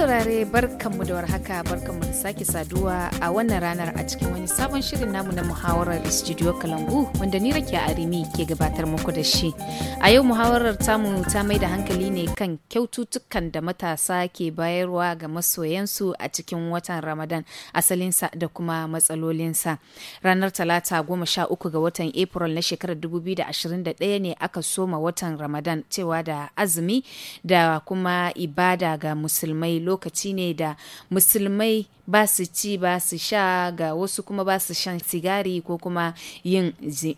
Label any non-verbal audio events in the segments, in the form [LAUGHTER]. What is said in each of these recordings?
saurare barkanmu da warhaka barkanmu da sake saduwa a wannan ranar a cikin wani sabon shirin namu na muhawarar studio kalangu wanda ni rake arimi ke gabatar muku da shi a yau muhawarar tamu ta mai da hankali ne kan kyaututtukan da matasa ke bayarwa ga masoyansu a cikin watan ramadan asalinsa da kuma matsalolinsa ranar talata goma sha uku ga watan april na shekarar dubu biyu da da ashirin ɗaya ne aka soma watan ramadan cewa da azumi da kuma ibada ga musulmai lokaci ne da musulmai ba su ci ba su sha ga wasu kuma ba su shan sigari ko kuma yin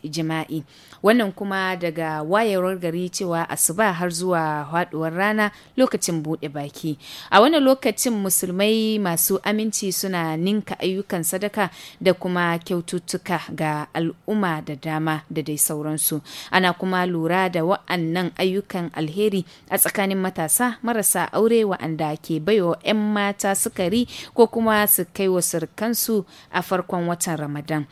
jima'i wannan kuma daga wayewar gari cewa asuba har zuwa haduwar rana lokacin bude baki a wannan lokacin musulmai masu aminci suna ninka ayyukan sadaka da kuma kyaututtuka ga al'umma da dama da dai sauransu ana kuma lura da wa'annan ayyukan alheri a tsakanin matasa marasa aure wa'anda ke bai baiwa 'yan mata sukari ko kuma su kai wa surkansu a farkon watan Ramadan.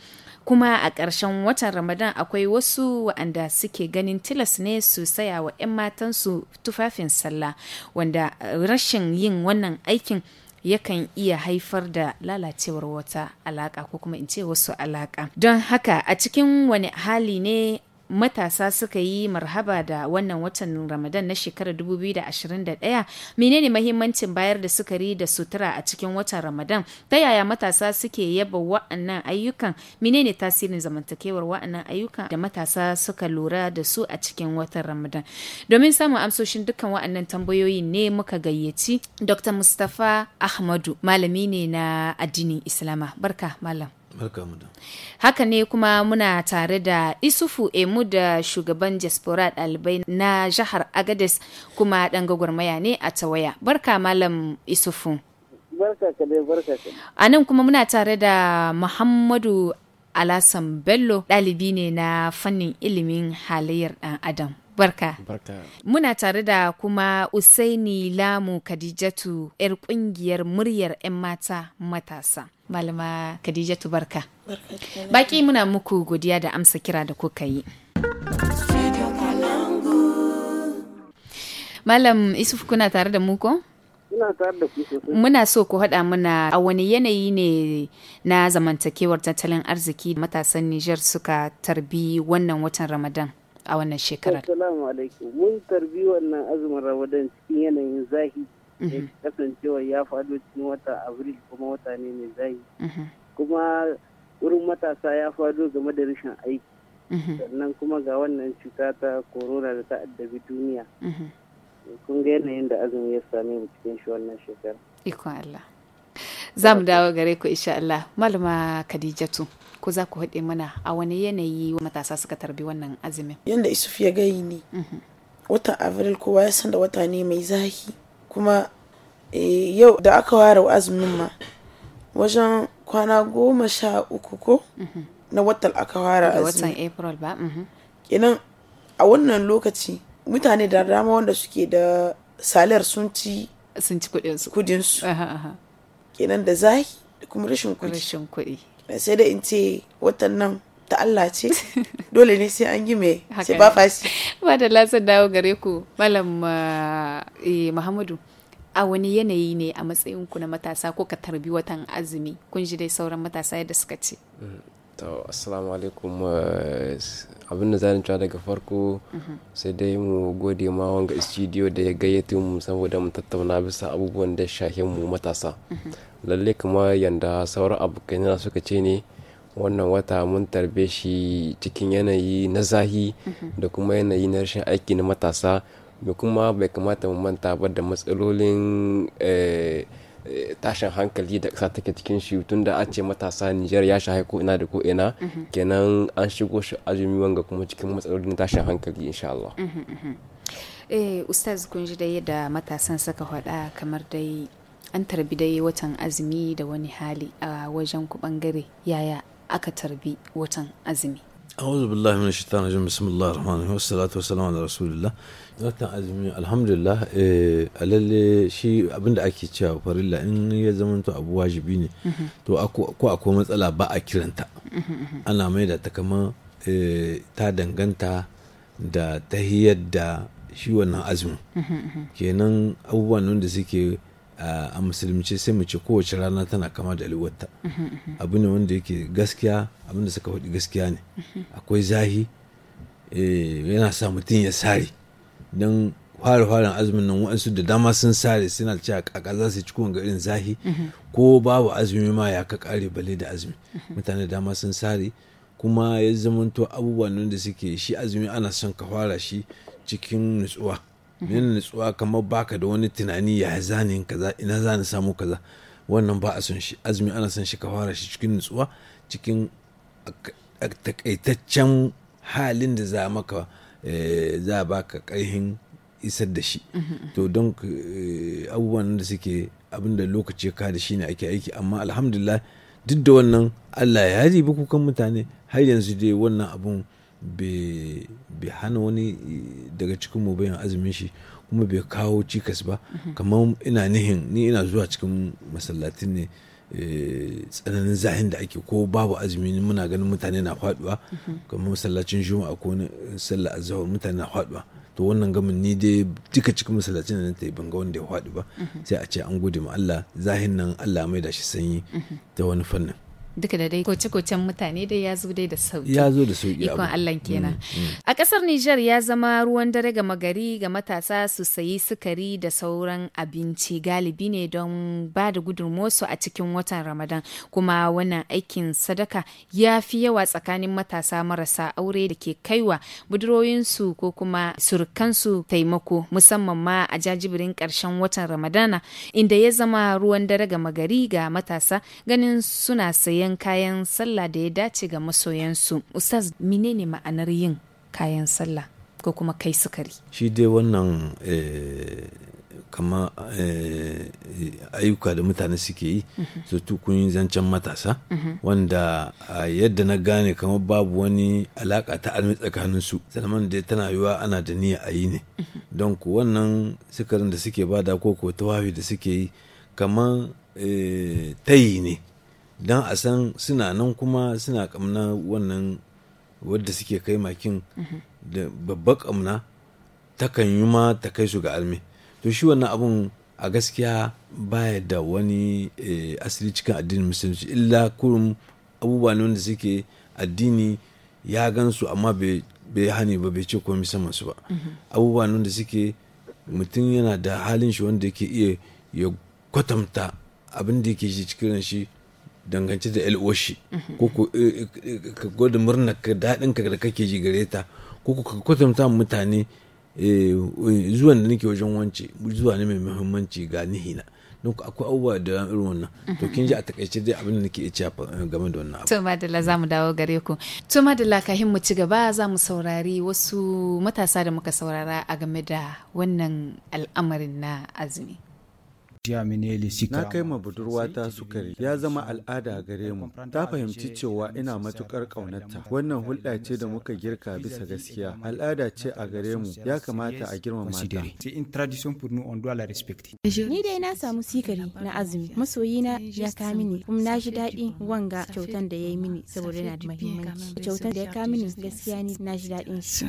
kuma a ƙarshen watan ramadan akwai wasu waɗanda suke ganin tilas ne su saya wa 'yan matansu tufafin sallah wanda rashin yin wannan aikin yakan iya haifar da lalacewar wata alaƙa ko kuma in ce wasu alaƙa don haka a cikin wani hali ne matasa suka yi marhaba da wannan watan Ramadan na shekarar 2021 menene mahimmancin bayar da sukari da sutura a cikin watan Ramadan ta yaya matasa suke yaba wa'annan ayyukan menene tasirin zamantakewar wa'annan ayyukan da matasa suka lura da su a cikin watan Ramadan domin samun amsoshin dukkan wa'annan tambayoyi ne muka gayyaci Dr. Mustapha Ahmadu malami ne na addinin Islama barka malam Haka ne kuma muna tare da Isufu Emu da eh, shugaban Jaspora ɗalibai na jihar Agades kuma ɗan gwagwarmaya ne a tawaya. Barka Malam Isufu. Barka A nan kuma muna tare da Muhammadu Alasan Bello ɗalibi ne na fannin ilimin halayyar ɗan Adam. Barka. Barka. Muna tare da kuma Usaini Lamu Khadijatu 'yar ƙungiyar muryar 'yan mata matasa. malama khadijatu barka baki muna muku godiya da amsa kira da kuka yi malam isuf kuna tare da mu muna so ku haɗa muna a wani yanayi ne na zamantakewar tattalin arziki matasan nijar suka tarbi wannan watan ramadan a wannan shekarar. Assalamu alaikum. Mun tarbi wannan azumin Ramadan cikin yanayin zahiri Mhm. kasancewa ya faɗo cikin wata abril kuma wata ne mai zai mhm. kuma wurin matasa ya faɗo game da rashin aiki mhm. sannan kuma ga wannan cuta ta corona da ta addabi duniya kun ga yanayin da azumi ya same mu cikin shi wannan shekara Allah za mu dawo gare ku insha Allah malama Khadijatu ko za ku haɗe mana a wani yanayi matasa suka tarbi wannan azumin yanda isuf ya gani ne watan abril kowa ya san da wata ne mai zahi kuma eh, yau da aka ware azumin ma wajen kwana goma sha uku ko mhm. na watan aka ware azumin watan april ba Idan mhm. a wannan lokaci mutane da dama wanda suke da salar sun ci sun ci kudinsu kenan da zahi da kuma rashin kudi sai da in ce watan nan ta Allah ce [LAUGHS] dole ne sai an yi mai sai ba fashi ba da lasar dawo gare ku malam eh, muhammadu a wani yanayi ne a matsayin ku na matasa ko ka tarbi watan azumi kun ji dai sauran matasa yadda suka ce mm, to assalamu alaikum abin da zan cewa daga farko mhm. sai dai mu gode ma wanga studio da ya gayyato mu saboda mu tattauna bisa abubuwan da shahin mu matasa mhm. lalle kuma yanda sauran abokai suka ce ne wannan wata mun tarbe shi cikin yanayi na zahi da kuma yanayi na rashin aiki na matasa da kuma bai kamata mu manta ba da matsalolin eh, eh, tashin hankali da ƙasa take cikin shi tun da an ce matasa Nijar ya shahai ko ina da ko ina kenan an shigo shi azumi wanga kuma cikin matsalolin tashin hankali insha Allah. Eh ustaz kun ji dai da matasan saka faɗa kamar dai an tarbi dai watan azumi da wani hali a wajen ku bangare yaya aka tarbi watan azumi أعوذ billahi من الشيطان الرجيم بسم الله الرحمن الرحيم والصلاة والسلام على watan azumi alhamdulillah eh, a lalle shi abinda ake cewa farilla in ya to abu wajibi ne mhm. to ko akwai matsala ba a kiranta mhm, mhm, ana maida ta kama eh, ta danganta da tahiyar da shi wannan azumin kenan abubuwan da suke a musulunci sai mu ce kowace rana tana kama da aluwata abu ne wanda yake gaskiya abin da suka faɗi gaskiya ne akwai zahi eh, yana sa mutum ya sare don fara farin azumin nan wa'ansu da dama sun sare suna cewa kaka za su ci kowane garin zahi ko babu azumi ma ya ka kare bale da azumi mutane da dama sun sare kuma ya zamanto abubuwan da suke shi azumi ana son ka fara shi cikin nutsuwa min nutsuwa kamar baka da wani tunani ya zane kaza ina zani samu kaza wannan ba a son shi azumi ana son shi ka fara shi cikin nutsuwa cikin takaitaccen halin da za maka eh, za baka karhin isar da shi to don eh, abubuwan da suke abinda lokaci ka da shi ne ake aiki amma alhamdulillah duk da wannan allah ya ribi kukan mutane har yanzu dai wannan abun bai hana wani daga cikin mu bayan azumin shi kuma bai kawo cikas ba mhm. kamar ina nihin ni ina zuwa cikin masallatin ne eh, tsananin zahin da ake ko babu azumi muna ganin mutane na faduwa mhm. kamar masallacin juma'a ko sallah azhar mutane na faduwa to wannan gamin ni dai duka cikin masallacin da ta yi banga wanda ya faɗi ba mhm. sai a ce an gode ma Allah zahin nan Allah mai da shi sanyi ta wani fannin duka da dai koce-kocen mutane dai ya zo dai da sauki ya zo da sauki ikon Allah kenan mm, mm. a kasar nijar ya zama ruwan dare ga magari ga matasa su sayi sukari da sauran abinci galibi ne don ba da gudunmosu a cikin watan Ramadan kuma wannan aikin sadaka ya fi yawa tsakanin matasa marasa aure da ke kaiwa budurowinsu ko kuma surukansu taimako musamman ma a jajibirin karshen watan Ramadana inda ya zama ruwan dare ga magari ga matasa ganin suna sayan zanen kayan sallah da ya dace ga masoyansu ustaz menene ma'anar yin kayan sallah ko kuma kai sukari shi dai wannan eh, kama eh, ayyuka da mutane suke yi mhm. su kun zancen matasa mhm. wanda yadda na gane kama babu wani alaka ta almi tsakanin su da dai tana yiwa ana da niyya a yi ne mhm. don ku wannan sukarin da suke bada ko ko tawafi da suke yi kamar eh, tayi ne don a san suna nan kuma suna kamna wannan wadda suke kai makin da babba kamna takan yi ma ta kai su ga almi to shi wannan abun a gaskiya baya da wani eh, asiri cikin addinin musulunci illa kurum abubuwa ne wanda suke addini ya gansu amma bai hani ba bai ce komai saman su ba abubuwa ne wanda suke mutum yana da halin shi wanda yake iya ya kwatanta abin da yake shi cikin shi danganci da shi ko eh, eh, ka gwada murna ka daɗin ka da kake ji gare ta ko ka kwatanta mutane eh, zuwan da nake wajen wance zuwa ne mai muhimmanci ga nihina don akwai abubuwa da irin wannan to kin ji a takaice dai abin da nake iya game da wannan abu to madalla za mu dawo gare ku to madalla kahin mu ci gaba za mu saurari wasu matasa da muka saurara a game da wannan al'amarin na azumi Na kai ma budurwata sukari ya zama al'ada gare mu. Ta fahimci cewa ina matukar ƙaunarta. Wannan hulɗa ce da muka girka bisa gaskiya. Al'ada ce a gare mu ya kamata a girmama ta. Ni dai na samu sikari na azumi. Masoyina ya ka mini kuma na ji daɗi wanga kyautan da ya yi mini saboda yana da muhimmanci. Kyautan da ya ka mini gaskiya ni na ji daɗin shi.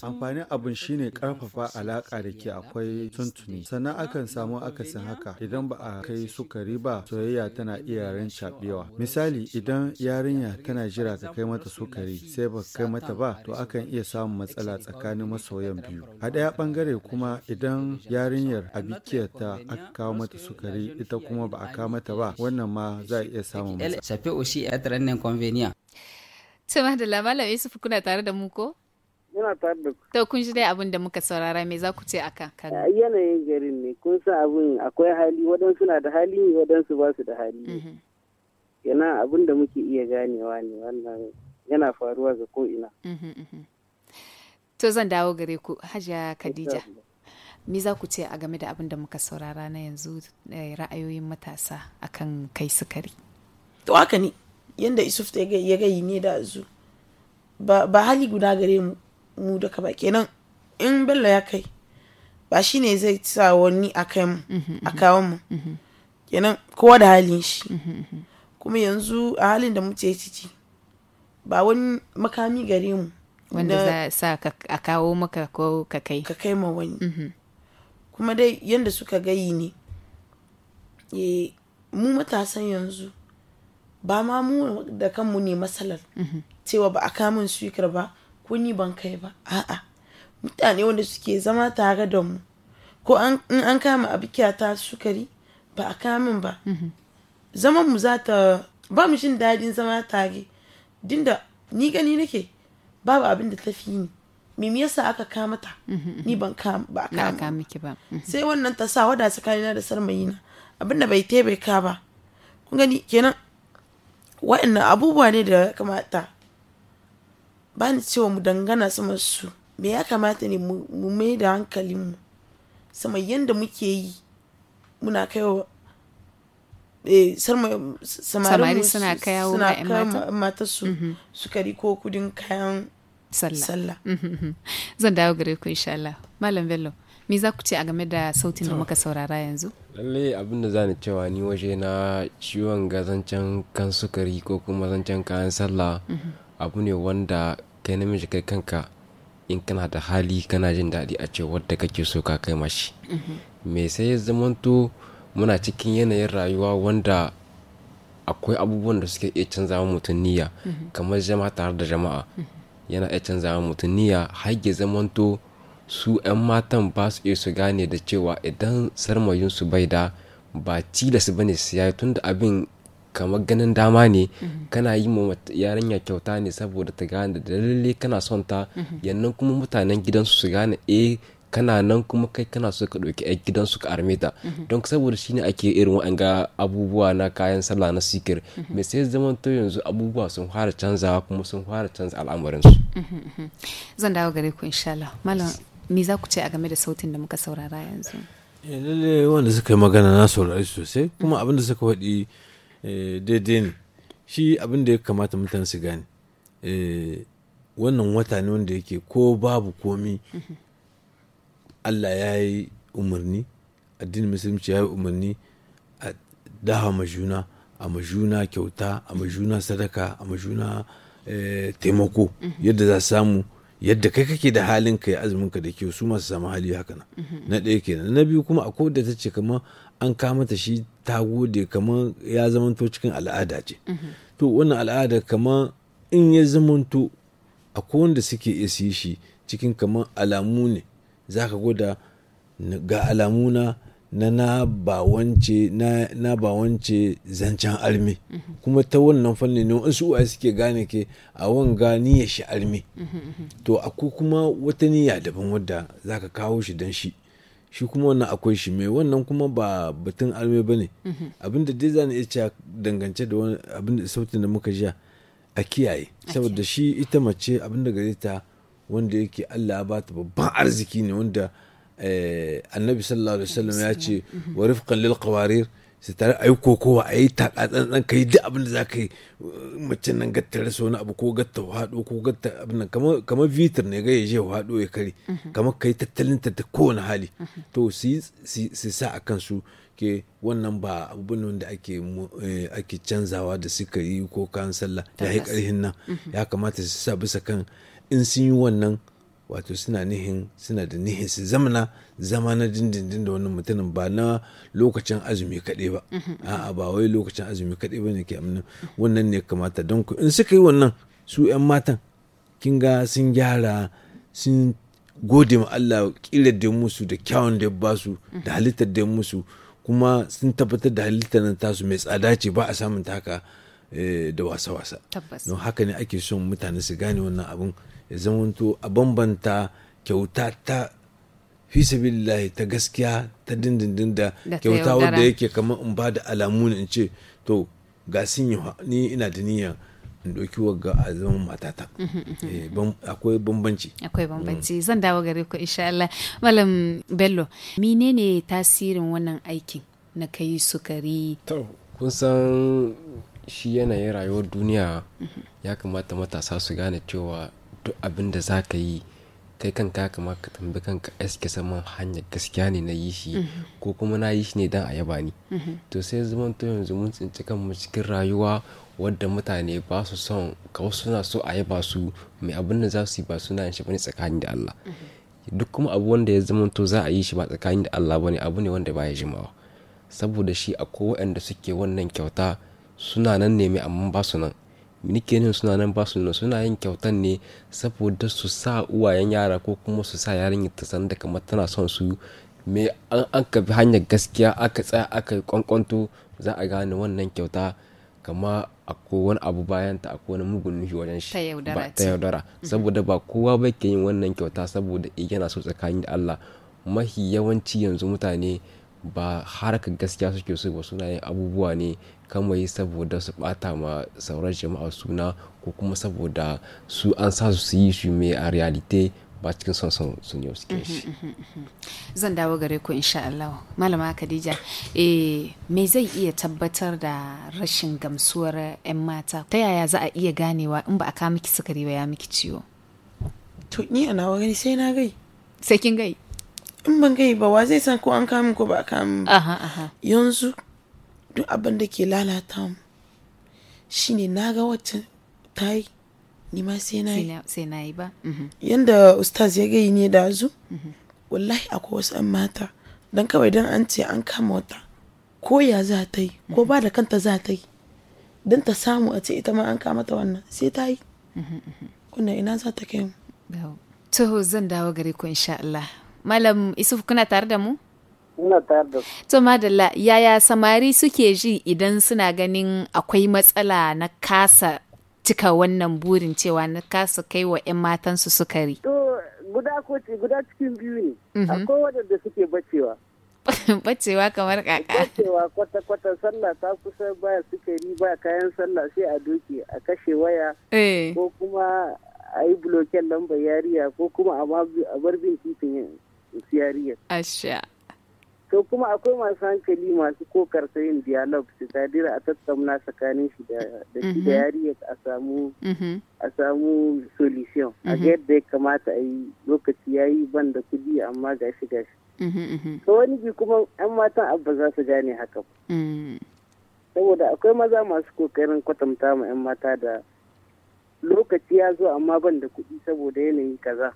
Amfanin abin shine karfafa alaƙa da ke akwai tuntuni. Sannan akan samu akasin haka idan ba a kai sukari ba soyayya tana iya rancaɓewa misali idan yarinya tana jira ka kai mata sukari sai ba kai mata ba to akan iya samun matsala tsakanin masoyan biyu a ɗaya ɓangare kuma idan yarinyar a bikiyarta aka kawo mata sukari ita kuma ba a kawo mata ba wannan ma za a iya samun matsala. ya Tuma da labaran Yusuf kuna tare da mu ko? ina tare da ku to kun ji dai abin da muka saurara me za ku ce a kan yanayin garin ne kun sa abin akwai hali waɗansu na da hali waɗansu ba su da hali mhm. yana abin da muke iya ganewa ne wannan yana faruwa ga ko ina. Mhm, mhm. to zan dawo gare ku hajiya khadija me za ku ce a game da abin da muka saurara na yanzu eh, ra'ayoyin matasa akan kai sukari to haka ne yadda isuf ya yi ne da zu ba hali guda gare mu mu duka ba kenan in bello ya kai ba shi ne zai sa wani a kawo mu kenan kowa da halin shi kuma yanzu a halin da muke ciki ba wani makami gare mu wanda za sa a kawo maka ko ka kai ka kai ma wani mhm. kuma dai yanda suka gayi ne e, mu matasan yanzu ba ma mu da kanmu ne matsalar mhm. cewa ba a kamun suikar ba ko ni ban kai ba a'a mutane wanda suke zama tare da mu ko in an kama abikiya ta sukari ba a kamin ba mhm. zaman mu za ta ba mu shin dadin zama tare dinda ni gani nake babu abin da tafi ni mimi yasa aka kama ta mhm, mhm. ni ban kama ba kama ba sai wannan ta sa wada tsakanina da sarmayina abin da bai te ka ba kun gani kenan wa'annan abubuwa ne da kamata ba ni cewa mu dangana sama su me ya kamata ne mu mai da hankalinmu sama yadda muke yi muna kai wa eh, samari suna kayawo mata su mm-hmm. sukari ko kudin kayan sallah mm-hmm. zan dawo gare ku insha Allah malam bello me za ku ce a game da sautin da muka saurara yanzu lallai abin da zani cewa ni waje na ciwon ga zancen kan sukari ko kuma zancen kayan sallah mm-hmm. abu ne wanda kai namiji kai kanka in kana da hali kana jin daɗi a ce wadda kake so ka kai mashi mm-hmm. me sai ya zamanto muna cikin yanayin rayuwa wanda akwai abubuwan da suke iya canza mutum niyya mm-hmm. kamar jama'a tare da jama'a mm-hmm. yana iya canza mutum niyya har ya zamanto su 'yan matan ba su iya su gane da cewa idan sarmayinsu bai da ba tilas ba ne tun tunda abin kamar ganin dama ne mhm. kana yi ma yarinya kyauta ne saboda ta gane da lalle kana son ta mhm. yannan kuma mutanen gidansu su gane eh kana nan kuma kai kana so ka ɗauki a gidansu ka arme ta mhm. don saboda shine ake irin waanga abubuwa na kayan sallah na sikir mai sai zaman to yanzu abubuwa sun fara canzawa kuma sun fara canza al'amarinsu zan dawo gare ku inshallah malam me za ku ce a game da sautin da muka saurara yanzu eh, lalle wanda suka yi magana na saurari sosai kuma mm. abin da suka faɗi Eh, daidai ne shi abin da ya kamata mutane su gane eh, wannan wata ne wanda yake ko babu komi allah ya yi umarni addinin musulunci ya yi umarni a dawa majuna a majuna kyauta a majuna sadaka a majuna eh, taimako yadda za samu yadda kai kake da halin ka azumin ka da kyau su masu samu hali haka na ɗaya kenan na biyu kuma ko da ta ce kamar an kama ta shi ta gode kamar ya zamanto cikin al'ada ce to wannan al'ada kamar in ya zamanto a wanda suke iya su shi cikin kamar alamu ne za ka gwada ga alamuna na na bawance na bawance zancen almi kuma ta wannan fannin ne wasu uwaye suke gane ke a wanga niyyar shi almi to akwai kuma wata niyya daban wadda za ka kawo shi dan shi shi kuma wannan akwai shi mai wannan kuma ba batun alme ba ne mhm. abinda dai za iya cewa dangance da wani da sautin da muka sha a kiyaye saboda shi ita mace abinda gare ta wanda yake Allah ba ta babban arziki ne wanda eh, annabi sallallahu alaihi wasallam ya ce wa rifqan lil qawarir sai tare a yi kokowa a yi taka tsantsan ka yi duk abin da za ka yi macen nan gatta rasa wani abu ko gatta haɗo ko gatta abin nan kamar vitir ne ga ya je haɗo ya kare mhm. kamar ka tattalin ta da kowane hali mhm. to su sa a kansu ke wannan ba abubuwan da ake eh, ake canzawa da suka yi ko kan sallah ya yi nan mhm. ya kamata su sa bisa kan in sun yi wannan wato suna nihin suna da nihin su zamana zama na dindindin da wani mutumin ba na lokacin azumi kaɗai ba a'a ba wai lokacin azumi kaɗai ba ne ke amina wannan ne kamata don ku in suka yi wannan su 'yan matan kin ga sun gyara sun gode ma Allah kira da musu da kyawun da ba su da halittar da musu kuma sun tabbatar da halittar nan tasu mai tsada ce ba a samun ta eh, da wasa-wasa. Tabbas. Don haka ne ake son mutane su gane wannan abin. ya zamanto a bambanta kyauta ta fisabillahi ta gaskiya ta dindindin da kyauta wadda yake kamar in ba da alamu in ce to ga sun yi ni ina da niyya in ɗauki wagga a zaman matata mhm, mhm, mhm. Eh, akwai bambanci akwai bambanci mm. zan dawo gare ku insha Allah malam bello menene tasirin wannan aikin na kai sukari to kun san shi yanayin rayuwar duniya ya kamata matasa su gane cewa duk abin da za ka yi kai kanka kama ka tambi kanka eske saman hanya gaskiya ne na yi shi ko kuma na yi shi ne don a yaba ni to sai zaman to yanzu mun tsinci kanmu cikin rayuwa wadda mutane ba su son ka suna so a yaba su mai abin da za su yi ba suna yin shi bane tsakani da Allah duk kuma abu wanda ya zama to za a yi shi ba tsakani da Allah bane abu ne wanda baya jimawa saboda shi akwai waɗanda suke wannan kyauta suna nan ne mai amma ba su nan nikenin suna nan ba su nuna suna yin kyautan ne saboda su sa uwayen yara ko kuma su sa yarinya ta san da kamar tana son su me an ka bi hanyar gaskiya aka tsaya aka yi kwankwanto za a gane wannan kyauta kama akwai wani abu bayan ta akwai wani mugun nufi wajen shi ta yaudara mhm. saboda ba kowa ba ke yin wannan kyauta saboda eh, yana so tsakanin da Allah mahi yawanci yanzu mutane ba harkar gaskiya suke so ba suna yin abubuwa ne kamai saboda su bata ma sauran jama'a suna ko kuma saboda su an sa su yi shi mai a realite ba cikin son son su ne suke mhm, shi mhm, mhm, zan dawo gare ku insha Allah malama Khadija eh me zai iya tabbatar da rashin gamsuwar 'yan mata ta yaya za a iya ganewa in ba a ka miki sukari ba ya miki ciwo to ni a wani sai na gai sai kin gai in ban kai ba wa zai san ko an kamun ko ba kamun ba yanzu duk abin da ke lalata mu shine na ga wacce ta yi ni ma sai na yi sai na yi ba mhm. yanda ustaz ya gayi ne da zu mhm. wallahi akwai wasu an mata dan kawai dan an ce an kama wata ko ya za ta yi ko mhm. ba da kanta za ta yi dan ta samu a ce ita ma an kama ta wannan sai ta yi kuna ina za ta kai mu to zan dawo gare ku insha Allah Malam Isuf kuna tare da mu? Kuna tare da su. To madalla yaya samari suke ji idan suna ganin akwai matsala na kasa cika wannan burin cewa na kasa kai wa 'yan matansu sukari? To guda ko guda cikin biyu ne. Mhm. Akwai waɗanda suke bacewa. [LAUGHS] bacewa kamar kaka. Bacewa kwata-kwata sallah ta kusa baya sukari ba kayan sallah sai a doke a kashe waya. Eh. Ko kuma a yi bloken lambar yariya ko kuma a bar bin titin siyariyar asha to kuma akwai masu hankali masu kokar yin dialog su sadira a tattauna tsakanin shi da shi da mhm. yariyar a samu mhm. a samu solution a ga mhm. yadda ya kamata a yi lokaci ya yi ban da kudi amma ga shi. to wani bi kuma yan matan abba za su gane haka mm. saboda akwai maza masu kokarin kwatanta ma yan mata da lokaci ya zo amma ban da kuɗi saboda yanayi kaza.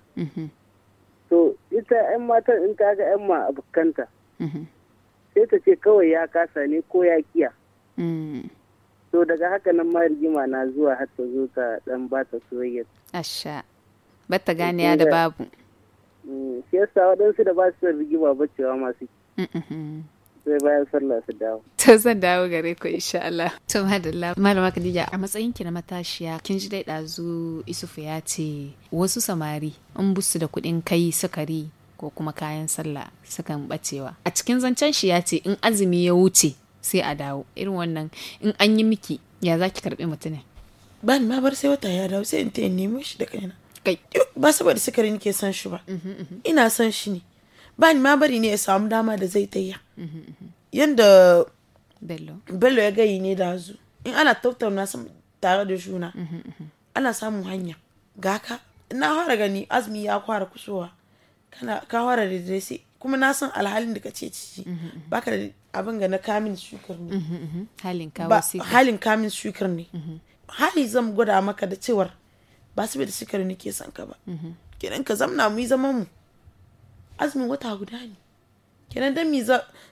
to ita 'yan matan in ta ga 'yan ma a abokanta mhm. sai ta ce kawai ya kasa ne ko ya kiya mm. to daga haka nan ma rigima na zuwa har ta zo ta dan ba ta soyayya asha ba ta ganiya da babu mm, shi yasa waɗansu da ba su rigima ba cewa masu sai bayan sallah su dawo. [LAUGHS] To zan dawo gare ku insha Allah. To madalla malama Khadija a matsayin ki na matashiya kin ji dai dazu Isufu ya ce wasu samari in busu da kuɗin kai sukari ko kuma kayan sallah sukan bacewa. A cikin zancen shi ya ce in azumi ya wuce sai a dawo irin wannan in an yi miki ya za ki karɓi mutumin. ni ma bar sai wata ya dawo sai in ta nemo shi da kaina. Kai. Ba saboda sukari nake san shi ba. Mhm, mhm. Ina son shi ne. ba ni ma bari ne ya samu dama da zai ta yi yadda bello ya gayi ne da zu in ana tattauna tare da shuna ana samun hanya ga ka na fara gani azumi ya kwara kusowa ka fara da sai kuma na san alhalin da ka ce ciki baka da abin ga na kamin shukar ne halin kamin shukar ne hali zan gwada maka da cewar ba su da shukar ne ke son ka ba kenan ka zamna mu yi zaman mu azumin wata guda ne kenan dan mi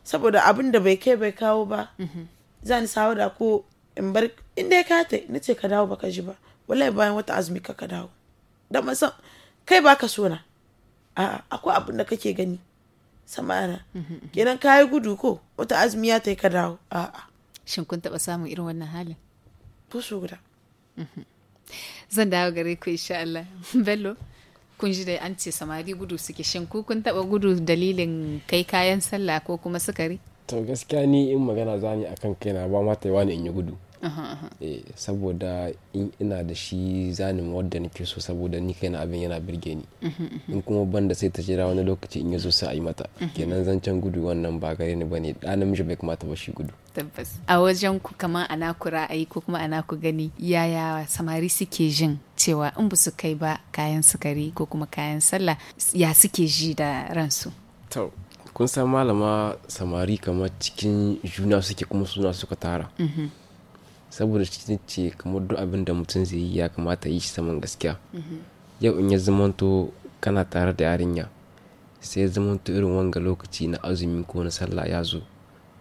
saboda abin da bai kai bai kawo ba mhm. za ni da ko in bar in dai ka ta na ka dawo baka ji ba wallahi bayan wata azumi ka ka dawo da san kai baka so na a'a akwai abin da kake gani samara mhm, mhm. kenan ka yi gudu ko wata azumi ya ta yi ka dawo a'a shin kun taba samun irin wannan halin ko so guda zan dawo gare ku insha Allah [LAUGHS] bello kun ji dai an ce samari gudu suke shin ku kun taba gudu dalilin kai kayan sallah ko kuma sukari to gaskiya ni in magana za ni akan na ba ma yawa ne in yi gudu eh, saboda in ina da shi zanin wadda nake so saboda ni kai na abin yana birge ni mhm, mhm. in kuma ban da sai ta jira wani lokaci in ya zo sai a yi mata mhm. kenan zancen gudu wannan ba gare ni ba bane ɗan namiji bai kamata ba shi gudu tabbas a wajen ku kama ana ku ra'ayi ko kuma ana ku gani yaya samari suke jin cewa in ba su kai ba kayan sukari ko kuma kayan sallah ya suke ji da ransu to kun san malama samari kamar cikin juna suke kuma suna suka tara mm-hmm. saboda cikin ce kamar duk abin da mutum zai yi ya kamata yi shi saman gaskiya mm-hmm. yau in ya zamanto kana tare da yarinya sai ya zamanto irin wanga lokaci na azumi ko na sallah ya zo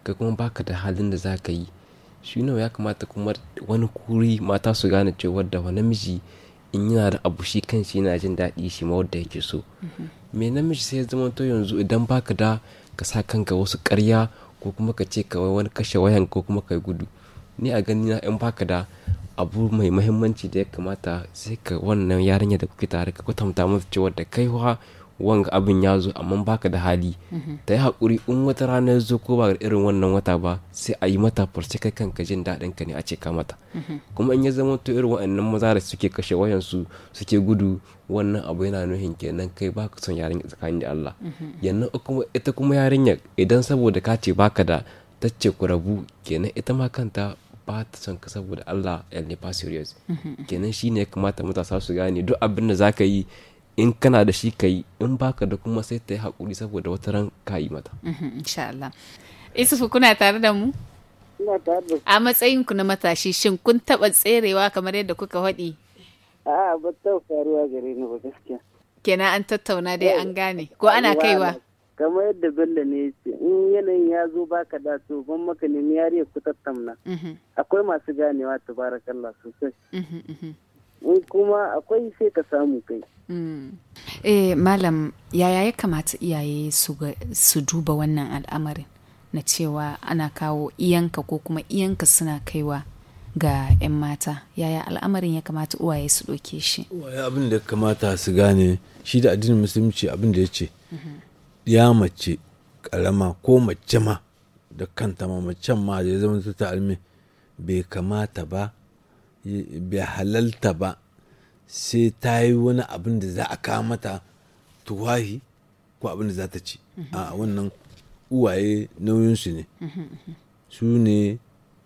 Ka kuma baka da halin da za ka yi. Shi nawa ya kamata kuma wani kuri mata su gane cewa da namiji in yana da abu shi kan shi yana jin daɗi shi ma wadda yake so. Mm-hmm. Me namiji sai ya zamanto yanzu idan baka da ka sa kanka wasu karya ko kuma ka ce kawai wani kashe wayan ko kuma ka gudu. Ni a gani na in baka da abu mai mahimmanci da ya kamata sai ka wannan yarinya da kuke tare ka kwatanta mafi cewa da kaiwa wanga abin ya zo amma baka da hali mhm. ta yi haƙuri in wata rana ya zo ko ba irin wannan wata ba sai a yi mata farce kai kanka jin daɗin ka ne a ce ka mata mhm. kuma in ya zama to irin wannan maza da suke kashe wayansu suke gudu wannan abu yana nuhin kenan kai baka son yarinya tsakanin da Allah mhm. yannan kuma ita kuma yarinya idan saboda ka ce baka da tacce ku rabu kenan ita ma kanta ba ta son ka saboda Allah ya ne pas serious kenan shine ya kamata matasa su gane duk abin da ka yi in kana da shi ka yi in baka da kuma sai ta yi haƙuri saboda wata ran ka yi mata. Mhm, insha Allah. Isufu kuna tare da mu? tare da A matsayin ku na matashi shin kun taɓa tserewa kamar yadda kuka faɗi? A'a ba ta faruwa gare ni ba gaskiya. Kenan an tattauna dai an gane ko ana kaiwa? Kamar yadda Bello ne ce in yanayin ya zo baka da su ban maka nemi yariyar ku tattauna. Mhm. Akwai masu ganewa tabarakallah sosai. Mhm, in kuma akwai sai ka samu kai. Mm. eh malam yaya ya kamata iyaye su duba wannan al'amarin na cewa ana kawo iyanka ko kuma iyanka suna kaiwa ga 'yan mata yaya al'amarin ya kamata uwaye su ɗauke shi uwaye abin da ya kamata su gane shi da addinin musulunci abin da ya ce ya mace karama ko mace ma da kanta ma macen ma da ya zama ta almi bai kamata ba bai halalta ba sai ta yi wani abin da za a kawo mata tuwahi ko abin da za ta ci mhm. a wannan uwaye nauyinsu ne mhm, mhm, su ne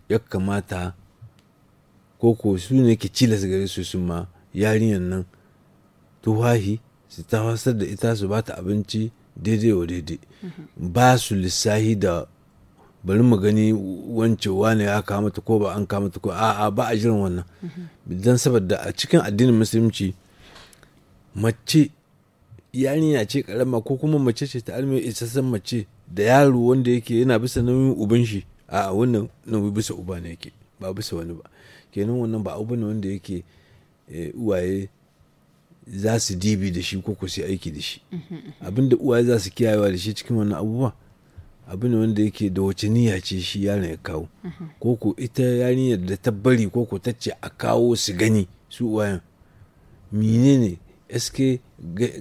ya kamata ko ko su ne ke cilas gare su su ma yarinyar nan tuwahi su ta da ita su ba ta abinci daidai wa daidai ba su lissahi da bari mu gani wance wane ya kama ta ko ba an kama ta ko a'a ba a jiran wannan don saboda a cikin addinin musulunci mace yarinya ce karama ko kuma mace ce ta almi isassan mace da yaro wanda yake yana bisa nauyin uban shi a wannan nauyi bisa uba ne yake ba bisa wani ba kenan wannan ba abu ne wanda yake eh, uwaye za su dibi da shi ko ku sai aiki da shi mm-hmm. abinda uwaye za su kiyayewa da shi cikin wannan abubuwa abin wanda yake da wace niyya ce shi yaron ya kawo ko ko ita yarinyar da ta bari ko ko ta ce a kawo su gani su wayan mine eske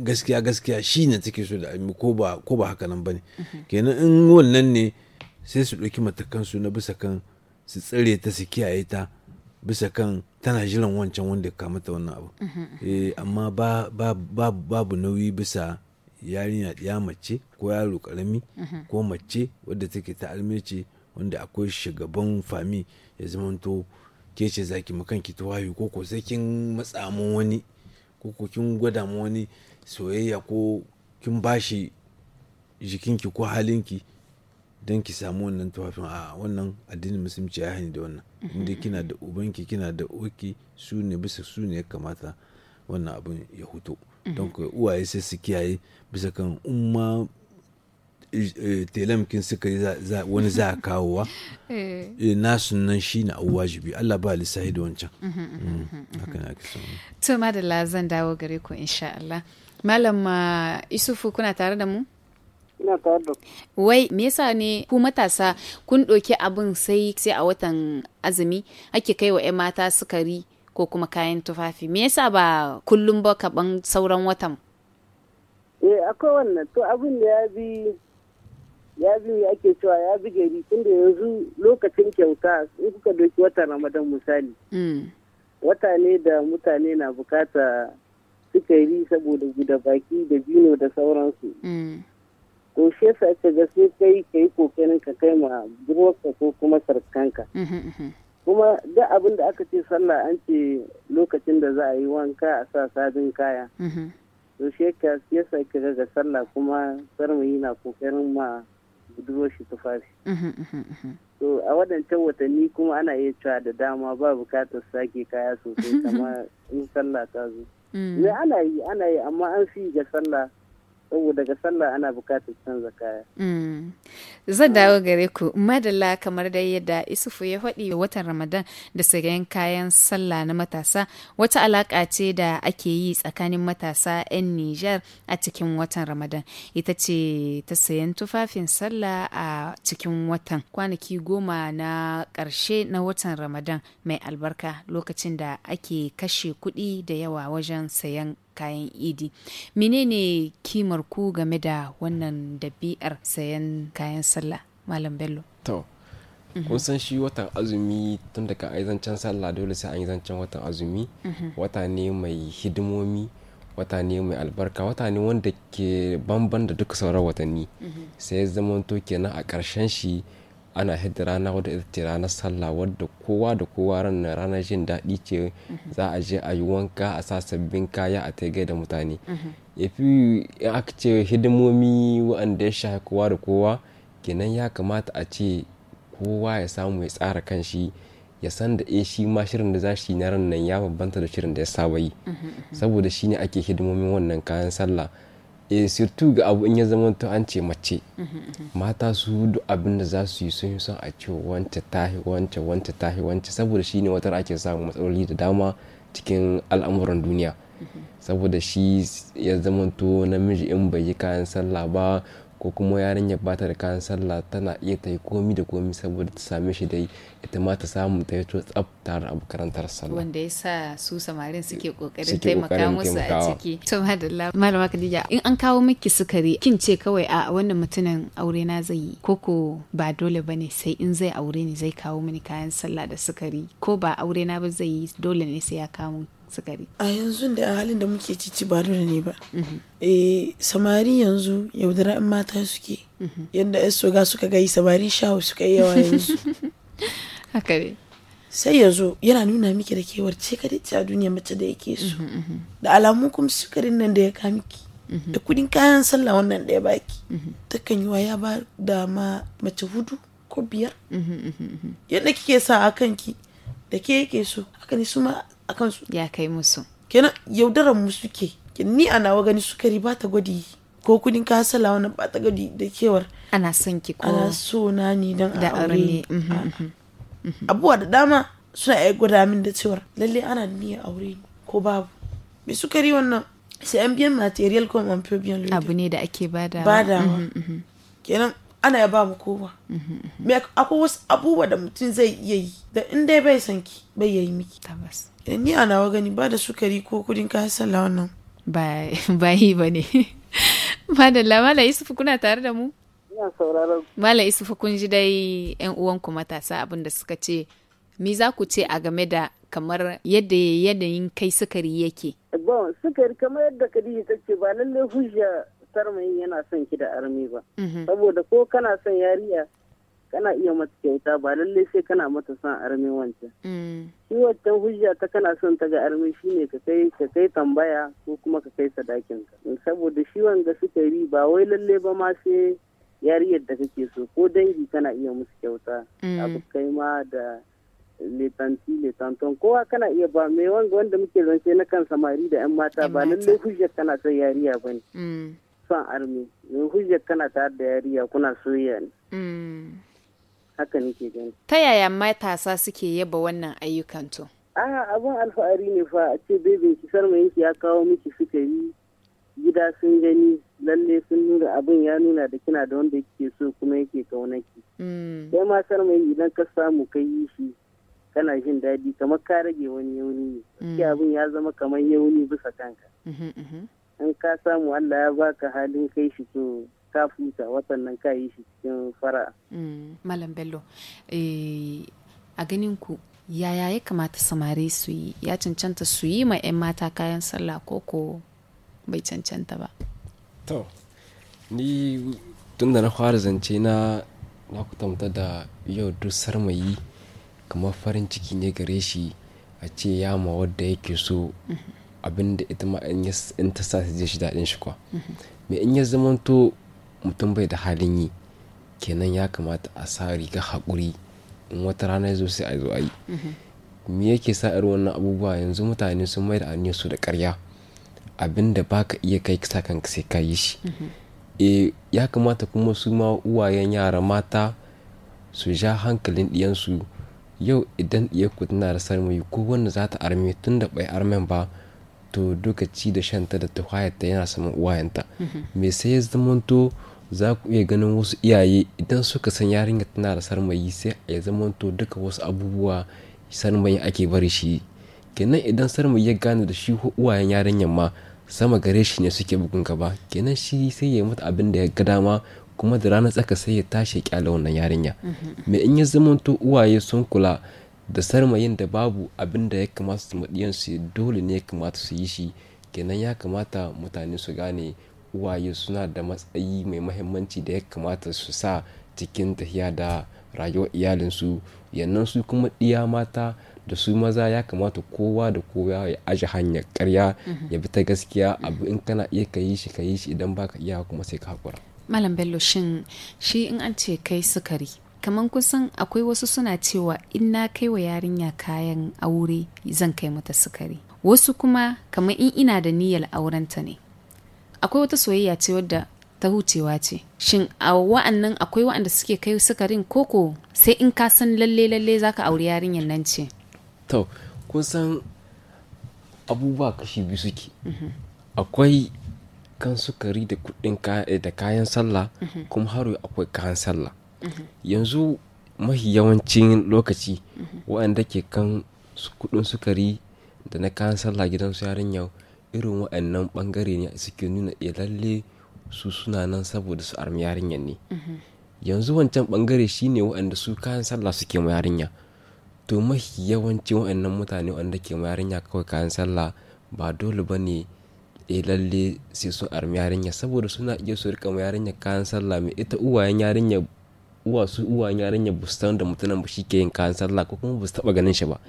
gaskiya gaskiya shi ne take so da almi ko ba haka nan bane kenan in wannan ne sai su ɗauki matakan su na bisa kan su tsare ta su kiyaye ta bisa kan tana jiran wancan wanda ya kamata wannan abu eh, amma babu nauyi bisa yarinya ɗiya mace ko yaro ƙarami mhm. ko mace wadda take ta almece wanda akwai shugaban fami ya zama to ke ce zaki makanki ta wayo ko ko sai kin matsa mu wani ko ko kin gwada mu wani soyayya ko kin bashi jikinki ko halinki don ki samu wannan tuwafin a wannan addinin musulunci ya hani da wannan mhm. inda kina da ubanki kina da oki su ne bisa su ne ya kamata wannan abin ya hutu. don uwaye sai su kiyaye bisa kan umma telamkin suka yi wani za a kawowa nasu nan shi na wajibi Allah ba lissahi da wancan haka na kisa to madalla zan dawo gare ku insha Allah malam isufu uh, kuna tare da mu ina tare da wai me yasa ne ku matasa kun ɗauki abin sai sai a watan azumi ake kai wa 'yan mata sukari ko kuma kayan tufafi me yasa ba kullum ba kaban sauran watan eh akwai wannan to abin da ya bi ya bi ake cewa ya bi gari tunda yanzu lokacin kyauta in kuka doki wata ramadan misali mm. wata ne da mutane na bukata sukari saboda guda baki da bino da sauransu mm. to shi yasa ka ga sai kai kai kokarin ka kai ma ko kuma sarkanka mm-hmm, mm-hmm. kuma duk abin da aka ce sallah an ce lokacin da za a yi wanka a sa sabin kaya mhm. to shi ka sa kira ga sallah kuma sarmayi na kokarin ma budurwa shi tufafi mhm, mhm, to a wadancan watanni kuma ana iya cewa da dama ba bukatar sake kaya sosai [LAUGHS] kamar in sallah ta zo ne mm. ana yi ana yi amma an fi ga sallah saboda daga sallah ana bukatar canza kaya. Mm. Zan dawo gare ku madalla kamar da yadda Isufu ya faɗi watan Ramadan da sayen kayan sallah na matasa wata alaƙa ce da ake yi tsakanin matasa 'yan Nijar a cikin watan Ramadan ita ce ta sayan tufafin sallah a cikin watan kwanaki goma na ƙarshe na watan Ramadan mai albarka lokacin da ake kashe kuɗi da yawa wajen sayan kayan idi menene kimar ku game da wannan dabi'ar sayan kayan sallah malam bello to mhm. kun san shi watan azumi tun daga zancen sallah dole sai an yi zancen watan azumi mhm. wata ne mai hidimomi wata ne mai albarka wata ne wanda ke banban da duka sauran watanni mhm. sai zama to kenan a ƙarshen shi ana hidda rana wadda ita ce ranar sallah wadda kowa da kowa ranar ranar jin daɗi ce mhm. za a je a yi wanka a sa sabbin kaya a taigai da mutane mhm. ya fi aka ce hidimomi waɗanda ya shafi kowa da kowa kenan ya kamata a ce kowa ya samu ya tsara kan shi ya san da ya eh, shi ma shirin da za shi na ranar ya bambanta da shirin da ya saba yi mhm, saboda shi ne ake hidimomin wannan kayan sallah e surtout ga abu in ya zama to an ce mace mata su duk abin da za su yi sun yi son a ce wance tahi wance wance tahi wance saboda shi ne watar ake samun matsaloli da dama cikin al'amuran duniya saboda shi ya zama to namiji in bai yi kayan sallah ba ko kuma yarinyar ba ta da kayan sallah tana iya ta yi komi da komi saboda ta same shi da ita ma ta samu ta yato tsafta a makarantar sallah wanda ya sa su samarin suke kokarin taimaka musu a ciki to madalla malama kadija in an kawo miki sukari kin ce kawai a wannan mutumin aure na zai yi koko ba dole bane sai in zai aure ni zai kawo mini kayan sallah da sukari ko ba aure na ba zai yi dole ne sai ya kawo gari a yanzu da a halin da muke cici ba da ne ba e samari yanzu yaudara in mata suke yadda mhm. yan soga suka gai samari shawo suka yi yawa yanzu [LAUGHS] haka ne sai yanzu yana nuna miki da kewar ce kadai ce a duniya mace da yake su mhm, da alamu kuma sukarin nan da ya ka miki da kudin kayan sallah wannan da ya baki takan yi wa ya ba da ma mace hudu ko biyar yadda kike sa a kanki da ke yake so haka ne su ma a kansu ya kai musu kenan yaudarar musu ke ni a nawa gani sukari ba ta gwadi ko kudin ka hasala wani ba ta gwadi da kewar ana son ki ko ana so na ni dan da aure abuwa mhm, mhm, mhm. da dama suna iya gwada min da cewar lalle ana da niyyar aure ko babu mai sukari wannan sai an biyan material ko an biyan abu ne da ake da badawa kenan ana ya ba mu kowa akwai wasu abubuwa da mutum zai iya yi da in dai bai son ki bai yayi miki tabbas Eh, ni a nawa gani ba da sukari ko kudin hasan sallah wannan ba [LAUGHS] yi ba ne [LAUGHS] madalla mala isufu kuna tare da mu mala isufu kun ji dai yan uwanku matasa abin da suka ce mi za ku ce a game da kamar yadda yanayin kai sukari yake bon sukari kamar yadda kadi ta ce ba lallai hujja sarmayin yana son ki da armi ba mhm. saboda ko kana son yariya kana iya mata kyauta ba lallai sai kana mata son armi wancan mm. shi wancan hujja ta kana son ta ga armi shine ka kai ka kai tambaya ko kuma ka kai sadakin ka saboda shi wanga suka yi ba wai lalle ba ma sai yariyar da kake so ko dangi kana iya musu kyauta mm. kai ma da letanti letanton kowa kana iya ba mai wanga wanda muke zance na kan samari da yan mata ba lalle hujjar kana son yariya ba ne mm. son armi hujjar kana tare da yariya kuna soyayya ne haka nake gani ta yaya matasa suke yaba wannan ayyukan to a abin alfahari ne fa a ce bebin ki sarmayinki ya kawo miki yi gida sun gani lalle sun nuna abin ya nuna da kina da wanda yake so kuma yake kaunaki sai mm. ma sarmayi idan ka samu ka yi shi kana jin daɗi kamar ka rage wani yauni ne mm. abin ya zama kamar yauni bisa kanka mm-hmm, mm-hmm. in ka samu Allah ya baka halin kai shi to ka futa watannan ka yi shi cikin fara. Mm, Malam Bello, eh, a ganin ku yaya ya kamata samari su yi ya cancanta su yi ma 'yan mata kayan sallah ko ko bai cancanta ba. To, ni tun da na fara zance na na kutamta da yau duk sarmayi kamar farin ciki ne gare shi a ce ya ma wadda yake so mhm. abinda ita ma in ta sa shi daɗin shi kwa. Mhm. Me in ya zamanto mutum bai da halin yi kenan ya kamata a sa riga haƙuri in wata rana zo sai a zo a yi mm-hmm. me yake sa irin wannan abubuwa yanzu mutane sun mai da aniyar su da ƙarya abin da baka iya kai sa kanka sai ka yi shi e ya kamata kuma su ma uwayen yara mata su ja hankalin ɗiyansu yau idan ɗiyarku tana da yi ko wanda za ta arme tun da bai armen ba to duka ci da shanta da ta yana saman uwayenta mm-hmm. me sai ya to za ku iya ganin wasu iyaye idan suka san yarinya tana da sarmayi sai a ya zama to duka wasu abubuwa sarmayi ake bari shi kenan idan sarmayi ya gane da shi ko uwayen yarinyar ma sama gare shi ne suke bugun gaba kenan shi sai ya mata abin da ya ga dama kuma da ranar tsaka sai ya tashi kyale wannan yarinya mm-hmm. me in ya zama to uwaye sun kula da sarmayin da babu abin da ya kamata su dole ne ya kamata su yi shi kenan ya kamata mutane su gane uwaye suna da matsayi mai mahimmanci da ya kamata su sa cikin tafiya da rayuwar iyalinsu yannan su kuma ɗiya mata da su maza ya kamata kowa da kowa ya aje hanyar karya mhm. ya bi ta gaskiya abu in kana iya ka yi shi ka yi shi idan baka iya kuma sai ka hakura malam bello shin shi in an ce kai sukari kamar kusan akwai wasu suna cewa in na kai wa yarinya kayan aure zan kai mata sukari wasu kuma kamar in ina da niyyar aurenta ne akwai wata soyayya ce wadda ta hucewa ce shin a wa'annan akwai wa'anda suke kai sukarin koko sai in ka san lalle lalle zaka auri yarinyar nan ce to kun san abubuwa kashi biyu suke mhm. akwai kan sukari da kudin da kayan sallah mhm. kuma haro akwai kayan sallah mhm. yanzu mahi yawancin lokaci wa'anda ke kan kudin sukari da na kayan sallah gidansu yarinyar irin waɗannan ɓangare ne suke nuna ya eh, lalle su suna nan saboda su armi yarinyar ne yanzu wancan ɓangare shine waɗanda su kayan sallah suke ma yarinya to mafi yawanci waɗannan mutane waɗanda ke ma yarinya kawai kayan sallah ba dole ba ne ya eh, lalle sai sun armi yarinya saboda suna iya su rika ma yarinya kayan sallah mai ita uwayen yarinya uwa su uwa yarinya san da mutanen ba ke yin kayan sallah ko kuma bu ganin shi ba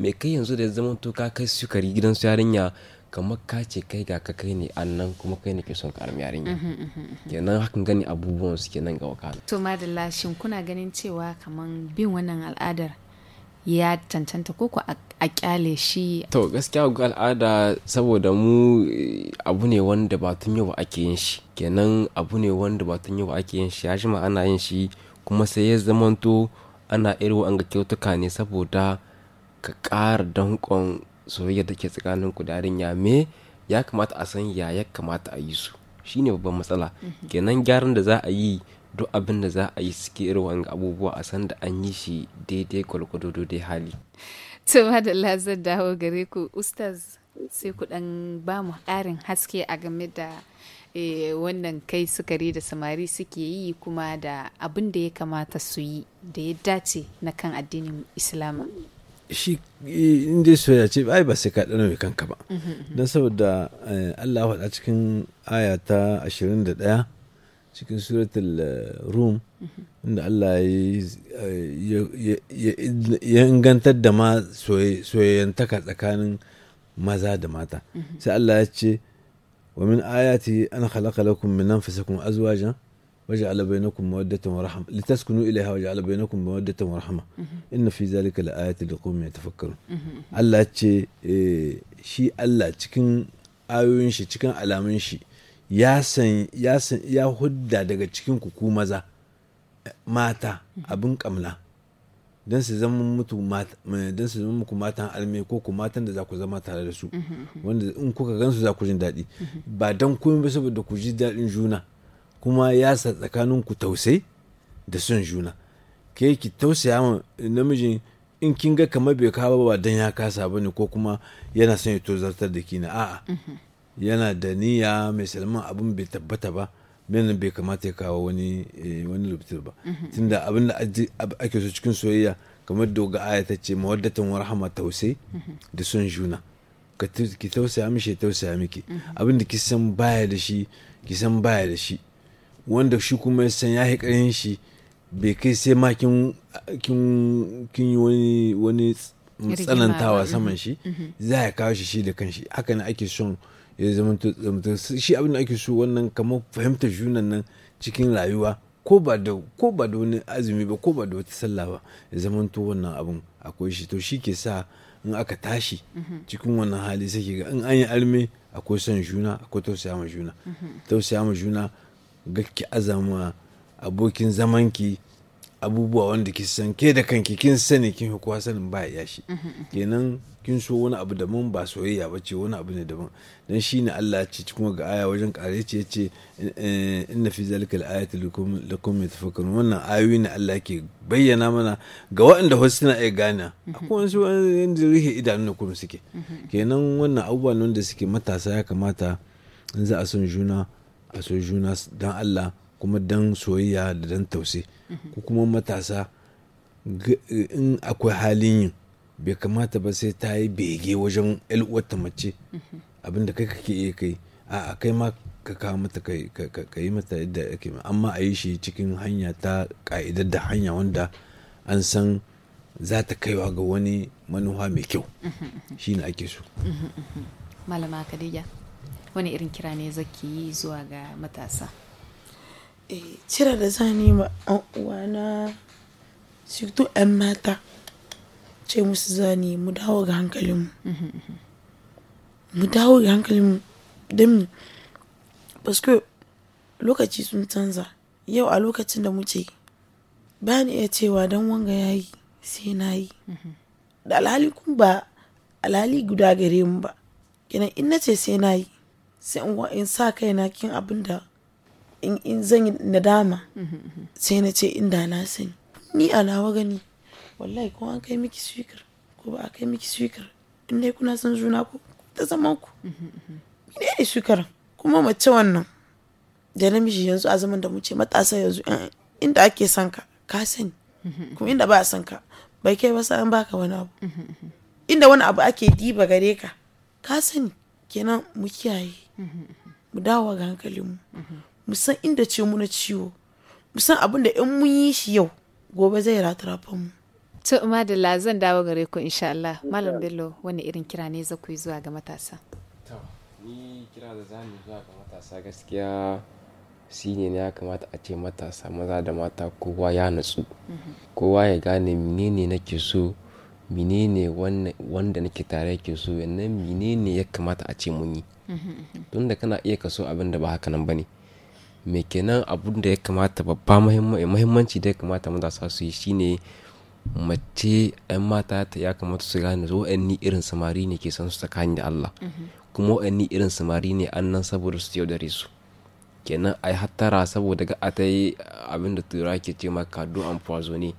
mai kai yanzu da ya zama to ka kai sukari gidan su yarinya kamar ka ce kai ga ka kai ne annan kuma kai ne ke son karmi yarinya uhm, uhm, uhm, kenan hakan gani abubuwan su kenan ga wakala to madalla shin kuna ganin cewa kamar bin wannan al'adar ya cancanta koko a kyale shi to gaskiya ga al'ada saboda mu eh, abu ne wanda ba tun yau ake yin shi kenan abu ne wanda ba tun yau ake yin shi ya jima ana yin shi kuma sai ya zamanto ana irin wa'anga kyautuka ne saboda ka kara dankon soyayya ke tsakanin ku da ya me ya kamata a san ya ya kamata a yi su shine babban matsala mhm. kenan gyaran da za a yi duk abin da za a yi suke irin abubuwa a san da an yi shi daidai kwalkwado daidai hali to da lazar dawo gare ku ustaz sai ku dan ba mu ƙarin haske a game da eh, wannan kai sukari da samari suke yi kuma da abin da ya kamata su yi da ya dace na kan addinin islama shi inda soyayya ce ai ba sai ka ɗana mai kanka ba mhm, mhm. don saboda eh, Allah ya faɗa cikin aya ta 21 cikin suratul eh, rum mhm. inda Allah ya ingantar da ma soyayyantaka tsakanin maza da mata sai Allah ya ce wa min ayati an khalaqa lakum min anfusikum azwajan وجعل بينكم مودة ورحمة لتسكنوا إليها وجعل بينكم مودة ورحمة إن في ذلك لآية لقوم يتفكرون الله ce shi Allah cikin ayoyin shi cikin alamun shi ya san ya hudda daga cikin ku maza mata abin kamla don su zama mutu don su zama muku matan ko ku matan da za zama tare da su wanda in kuka gansu za ku jin daɗi ba don kun ba saboda ku ji daɗin juna kuma ya sa tsakanin ku tausai da son juna ke ki tausaya ma namijin in kin ga kamar bai kawo ba don ya kasa ne ko kuma yana son ya tozartar da kina a'a yana da niyya mai salman abin bai tabbata ba menin bai kamata ya kawo wani eh, wani ba tunda abin da ake so cikin soyayya kamar doga aya ta ce mawaddatan warhama tausai da son juna ki tausaya mishi ya tausaya miki abin da ki san baya da shi ki san baya da shi wanda shi kuma san ya yi shi bai kai sai ma kin yi wani wani tsanantawa saman shi mm-hmm. Mm-hmm. za ya kawo shi shi da kanshi haka ne ake son ya zama shi abin da ake so wannan kamar fahimtar junan nan cikin rayuwa ko ba da ko ba da wani azumi ba ko ba da wata sallah ba ya zama to wannan abin akwai shi to shi ke sa in aka tashi mm-hmm. cikin wannan hali sai ga in an yi alme akwai son juna akwai tausaya ma juna tausaya ma juna gakki azama abokin zamanki abubuwa wanda ki san ke da kanki kin sani kin fi kowa sanin ba ya shi kenan kin so wani abu da mun ba soyayya ba ce wani abu ne mun dan shi ne Allah ce kuma ga aya wajen kare ce yace eh, inna fi zalikal ayati lakum lakum yatafakkarun wannan ayoyi ne Allah ke bayyana mana ga waɗanda wasu suna iya gane akwai wasu wanda rihe ne kuma suke kenan wannan abubuwan wanda suke matasa ya kamata in za a son juna a soyi juna don Allah kuma don soyayya da don tausi ko kuma matasa in akwai halin yin bai kamata ba sai ta yi bege wajen uwarta mace abinda kai kake iya kai a kai ma ka kawo mata ka yi mata yadda ake amma a yi shi cikin hanya ta ka'idar da hanya wanda an san za ta kaiwa ga wani manuwa mai kyau mm-hmm. shi ne ake so mm-hmm. Mm-hmm. malama khadija wani irin kira ne zaki yi zuwa ga matasa eh cira da zani ma an na surtout 'yan mata ce musu zani mu dawo ga hankalinmu mhm, mhm. mu dawo ga hankalinmu don paske lokaci sun canza yau a lokacin da muke ba ni iya cewa don wanga ya yi sai na yi mhm. da alhali kun ba alhali guda gare mu ba kenan in na ce sai na yi sai in sa kaina kin abin da in zan yi nadama sai na ce inda na sani ni alawa gani wallahi ko an kai miki swikar ko ba a kai miki swikar in dai kuna son juna ko ta zaman ku ne ne swikar kuma mace wannan da namiji yanzu a zaman da muke matasa yanzu eh, inda ake son ka ka sani kuma inda ba a son ka bai kai ba an baka wani abu inda wani abu ake diba gare ka ka sani kenan mu kiyaye mhm, mhm. mu dawo ga hankalinmu mhm. mu san inda ce mu na ciwo mu san abin da in mun yi shi yau gobe zai ratara mu to madalla zan dawo gare ku insha Allah malam bello wani irin kira ne za ku yi zuwa ga matasa ni kira da za mu zuwa ga matasa gaskiya si ne ya kamata a ce matasa maza da mata kowa ya natsu kowa ya gane menene nake so menene wanda nake tare yake so wannan menene ya kamata a ce mun yi mm-hmm. tunda kana iya kaso abin da ba haka nan bane me kenan abin da ya kamata babba mahimmanci da ya kamata matasa su yi shine mace 'yan mata ta ya kamata su gane zo ni irin samari ne ke san su tsakani da Allah mm-hmm. kuma ni irin samari ne annan saboda su yaudare su kenan a yi hattara saboda ga a ta yi abin da tura ke ce ma kado an ne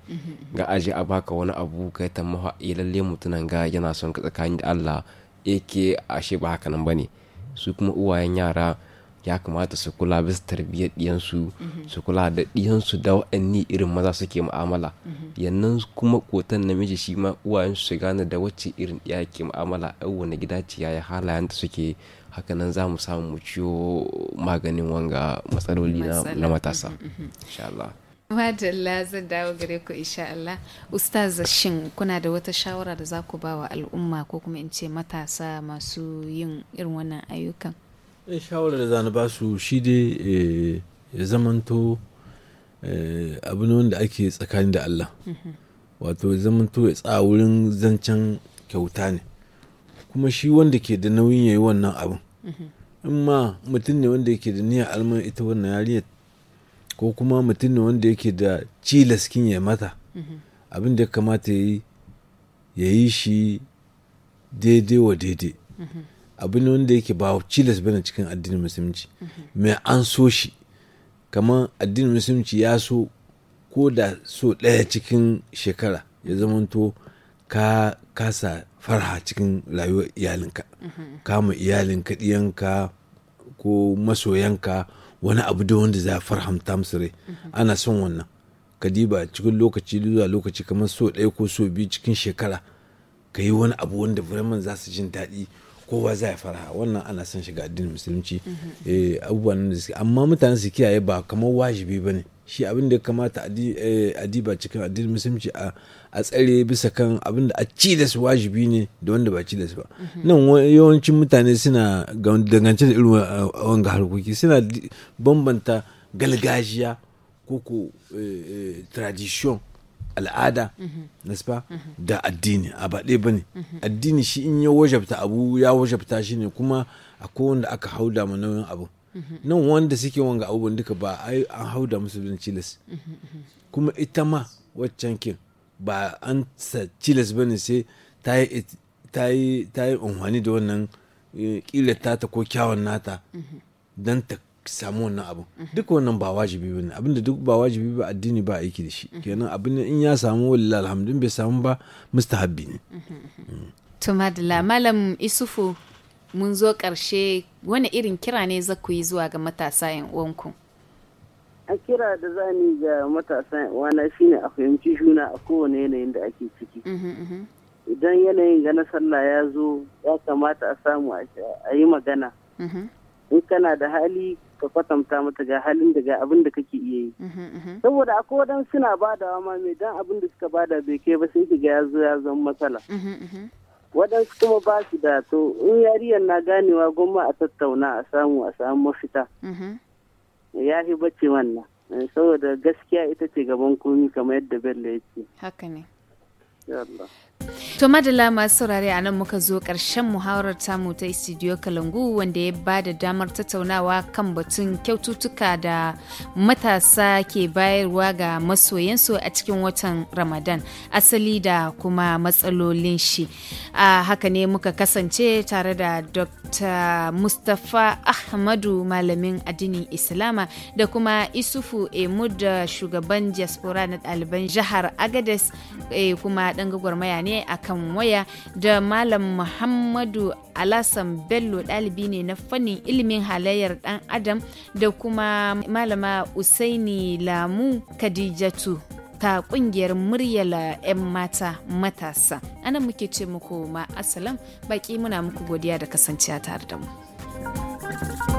ga aji a baka wani abu kai ta maha eh lalle mutunan ga yana son ka tsakanin da Allah yake ashe ba haka nan bane su kuma uwayen yara ya kamata su kula bisa tarbiyyar diyansu su kula da diyansu da waɗanni irin maza suke ma'amala yannan kuma kotan namiji shi ma uwayen su gane da wacce irin ɗiya ke mu'amala yau wani gida ciyayi halayen da suke hakanan za mu samu ciwo maganin wanga matsaloli na matasa mm-hmm, mm-hmm. insha Allah Madalla zan dawo gare ku insha Allah. Ustaz shin kuna da wata shawara da za ku ba wa al'umma ko kuma in ce matasa masu yin irin wannan ayyukan? Eh, shawarar da zan ba su shi dai eh, ya zamanto eh, abu ne wanda ake tsakanin da Allah. Mm-hmm. Wato ya zamanto ya tsawurin wurin zancen kyauta ne. Kuma shi wanda ke da nauyin yayi wannan abin in ma mutum ne wanda yake da niyya alman ita wannan yariyar ko kuma mutum ne wanda yake da cilaskin ya mata abin da ya kamata ya yi shi daidai wa daidai abin ne wanda yake ba cilas bane cikin addinin musulunci mai an so shi kamar addinin musulunci ya so ko da so ɗaya cikin shekara ya zamanto ka kasa farha cikin rayuwar iyalinka kama iyalin ɗiyanka ko masoyanka wani abu da wanda za a farhamta musu rai ana son wannan ka diba cikin lokaci zuwa lokaci kamar so ɗaya ko so biyu cikin shekara ka yi wani abu wanda vraiment za su jin daɗi kowa za ya fara wannan ana son shiga addinin musulunci eh, abubuwan da suke amma mutane su kiyaye ba kamar wajibi ba ne shi abin da ya kamata a eh, diba cikin addinin musulunci a tsare bisa kan abin da a ci da su wajibi ne da wanda ba ci da su ba mhm. nan yawancin mutane suna dangance da irin wanga harkoki suna bambanta galgajiya ko ko eh, eh, tradition al'ada mhm. nasfa mhm. da addini a baɗe ba ne addini shi in ya wajabta abu ya wajabta shi ne kuma akwai wanda aka hauda ma nauyin abu nan wanda suke wanga abubuwan duka ba an hau da musu bin cilas kuma ita ma waccan kin ba an sa cilas bane sai ta yi unhwani da wannan ƙilata eh, ta ko kyawun nata don ta samu wannan abu duk wannan ba wajibi bane abinda duk ba wajibi ba addini ba aiki da shi kenan abin in ya samu wallahi alhamdulillah bai samu ba mustahabbi ne to madalla malam isufu mun zo ƙarshe wani irin kira ne za ku yi zuwa ga matasa 'yan uwanku? a kira da za ni ga matasan wana shine a fahimci juna a kowane yanayin da ake ciki idan yanayin ga na sallah ya zo ya kamata a samu a yi magana in kana da hali ka kwatanta mata ga halin da ga abin da kake iya yi saboda a kodan suna badawa ma mai dan abin da suka bada bai kai ba sai ga ya zo ya zama matsala waɗansu kuma ba su da to in yariyar na ganewa goma a tattauna a samu a samu mafita mhm. ya fi bacci wannan eh, saboda gaskiya ita ce gaban komi kamar yadda bello ya ce toma da lama saurare a nan muka zo ƙarshen muhawarar tamu ta studio Kalangu wanda ya ba da damar tattaunawa kan batun kyaututtuka da matasa ke bayarwa ga masoyansu a cikin watan Ramadan asali da kuma matsalolin shi. A haka ne muka kasance tare da Dr. Mustapha Ahmadu malamin addinin Islama da kuma Isufu Emud shugaban diaspora na ɗaliban jihar Agades eh, kuma ɗan gwagwarmaya ne a kan waya da Malam Muhammadu Alasan Bello ɗalibi ne na fannin ilimin halayyar ɗan Adam da kuma Malama Usaini Lamu Khadijatu ta ƙungiyar muryar 'yan mata matasa. Anan muke ce muku ma asalam baki muna muku godiya da kasancewa tare da mu.